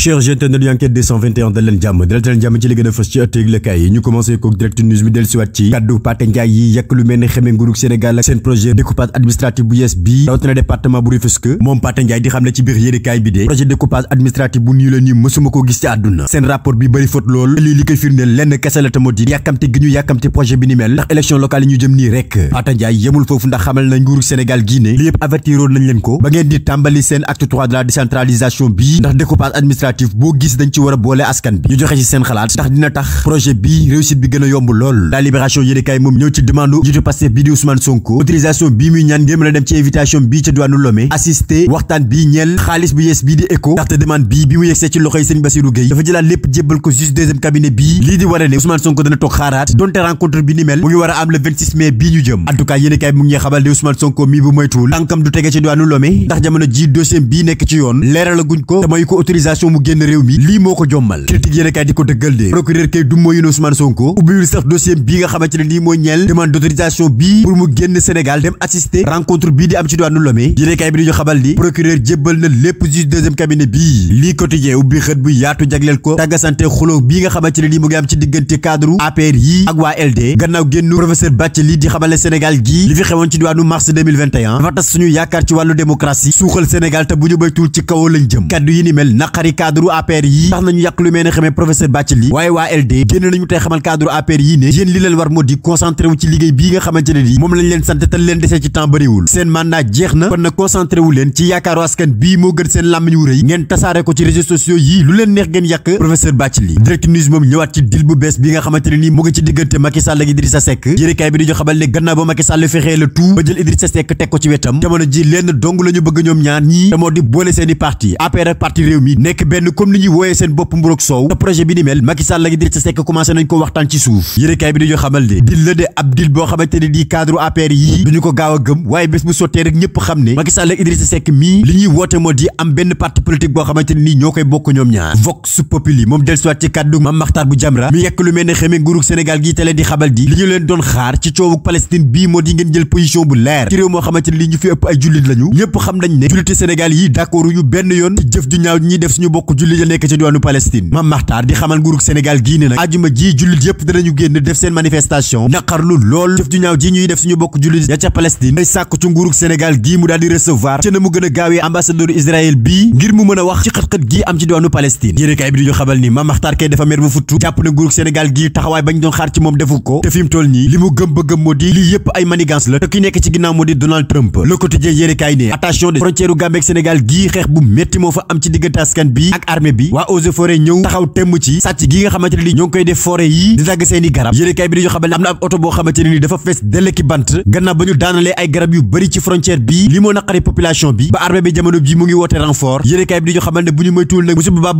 cher gentenalu enquête 221 da jàmm da jàmm ci li a fës ci ëtt yëglekaay ñu commencé ko direct news bi dellusiwaat ci kaddu Pathé Ndiaye yi yàq mel ne xeme nguurug Sénégal seen projet découpage administratif bu yees bii rawatina département bu Rufisque moom Pathé Ndiaye di xam ne ci biir yéenekaay bi de projet découpage administratif bu nii la nii mësuma koo gis ci àdduna seen rapport bi bëri faute lool lii li koy firndeel leen ko la décentralisation coopérative boo gis dañ ci war a boole askan bi ñu joxe ci seen xalaat ndax dina tax projet bi réussite bi gën yomb lool la libération yéeni kaay moom ñëw ci demande jiitu Pastef bii di Ousmane Sonko autorisation di écho ndaxte dafa jëlaat lépp jébbal ko juge deuxième cabinet bii lii di war ne Ousmane Sonko dana toog xaaraat donte rencontre bi ni mel mu ngi war a am le 26 mai ñu jëm en tout cas mu ngi xabal ne Ousmane Sonko mi bu moytuwul tànkam du tege ci duwaanu Lomé mu génn réew mi lii moo ko jommal critique yéen kaay di ko dëggal de procureur kay du mooy Ousmane Sonko ubbiwul sax dossier bi nga xamante ne lii mooy ñeel demande d'autorisation bii pour mu génn Sénégal dem assister rencontre bii di am ci diwaanu Lomé yéen kaay bi dañu procureur jébbal na lépp juge deuxième cabinet bii lii quotidien ubbi xët bu yaatu jagleel ko tàggasante xuloo bii nga xamante ne lii mu ngi am ci diggante cadre APR yi ak waa LD gannaaw cadre tasaare ko ci réseaux sociaux yi lu leen neex ngeen yàq professeur Bathily direct news moom ñëwaat ci deal bu bees bi nga xamante nii mu ngi ci diggante Macky Sall ak Idrissa Seck yérekaay bi dañu xamal ne gannaaw ba Macky Sall fexee la tout ba jël Idrissa Seck teg ko ci wetam jamono ji lenn dong la bëgg ñoom ñaar ñii te moo di boole seeni parti APR ak parti réew mi benn comme li ñuy wooyee seen bopp mburoog soow projet bi ni mel Macky Sall ak Idrissa Seck commencé nañ ko waxtaan ci suuf yéenekaay bi dañoo xamal ne dil la de ab dil boo xamante ne di cadre APR yii duñu a gëm waaye bés bu sottee rek ñëpp xam ne Macky Sall ak Idrissa Seck mii li ñuy woote moo di am benn parti politique boo xamante ne nii mi yekk lu mel xeme nguurug Sénégal gi te di xabal di li ñu leen doon xaar ci coowu Palestine bii moo di ngeen jël position bu leer ci moo xamante ne li ñu fi ëpp ay jullit lañu ñëpp xam nañ ne jullite Sénégal yi d'accordu ñu benn yoon bokk mbokk jullit ya nekk ca diwaanu Palestine Mame Makhtar di xamal nguurug Sénégal gii ne nag ajuma ji jullit yépp danañu génn def seen manifestation naqarlu lool jëf ju ñaaw ji ñuy def suñu bokk jullit ya ca Palestine ay sàkk ci nguurug Sénégal gii mu daal di recevoir ca na mu gën a gaawee ambassadeur Israël bii ngir mu mën a wax ci xët-xët gii am ci diwaanu Palestine yéene kaay bi di ñu ni Mame kay dafa mer futtu jàpp na nguurug Sénégal gii doon xaar ci moom defu ko te fi mu toll nii li mu gëm ak armée bi waa eaux et forêt ñëw taxaw temm ci sàcc gi nga xamante ne ni ñoo ngi koy def forêt yi di dagg seeni garab yéene kaay bi ni dafa fees bëri bi mu ngi woote renfort yéene kaay bi di ñu xamal ne bu ñu moytuwul nag musiba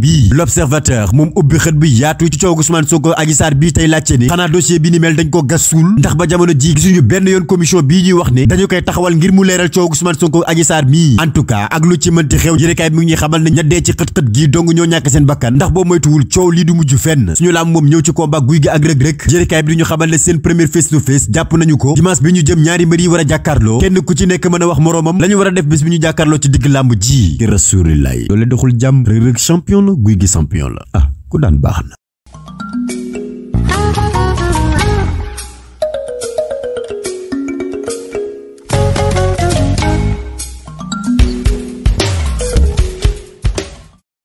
bi l'observateur moom ubbi xët bi yaatu ci coow Ousmane Sonko Adji Sarr tey laajte ne xanaa dossier bi ni mel dañ ko gas ndax ba jamono ji gisuñu benn yoon commission bii ñuy wax ne dañu koy taxawal ngir mu leeral coow Ousmane Sonko Adji Sarr mii en tout cas ak lu ci mënti xew yéenekaay bi mu ngi xamal ne ña dee ci xët-xët gii dong ñoo ñàkk seen bakkan ndax boo moytuwul coow lii du mujj fenn suñu laam moom ñëw ci combat guy gi ak rëg-rëg yéenekaay bi ñu xamal ne seen premier face to face jàpp nañu ko dimanche bi ñu jëm ñaari mbër yi war a jàkkaarloo kenn ku ci nekk mën a wax moroomam lañu war a def bis bi ñu jàkkaarloo ci digg làmb ji ki rasulilaay doole doxul jàmm rëg-rëg champion la guy gi champion la ah, ku daan baax na